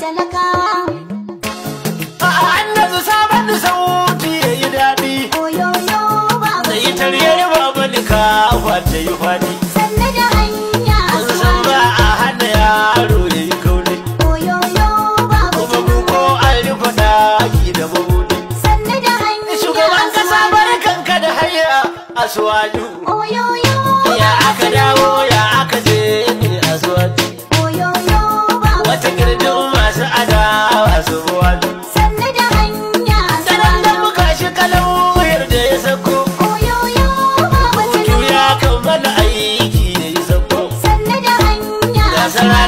talakawa a annabi sabon da sauti ya yi daɗi yo ba da ita rere babu bani ka ta yi fadi sanne da hanya san ba a hana yaro ya yi kaune yo ba kuma mu ko an da ɗaki da mabuɗi sanne da hanya shugaban kasa ka da hanya a suwaju yo ya aka dawo Nazareth.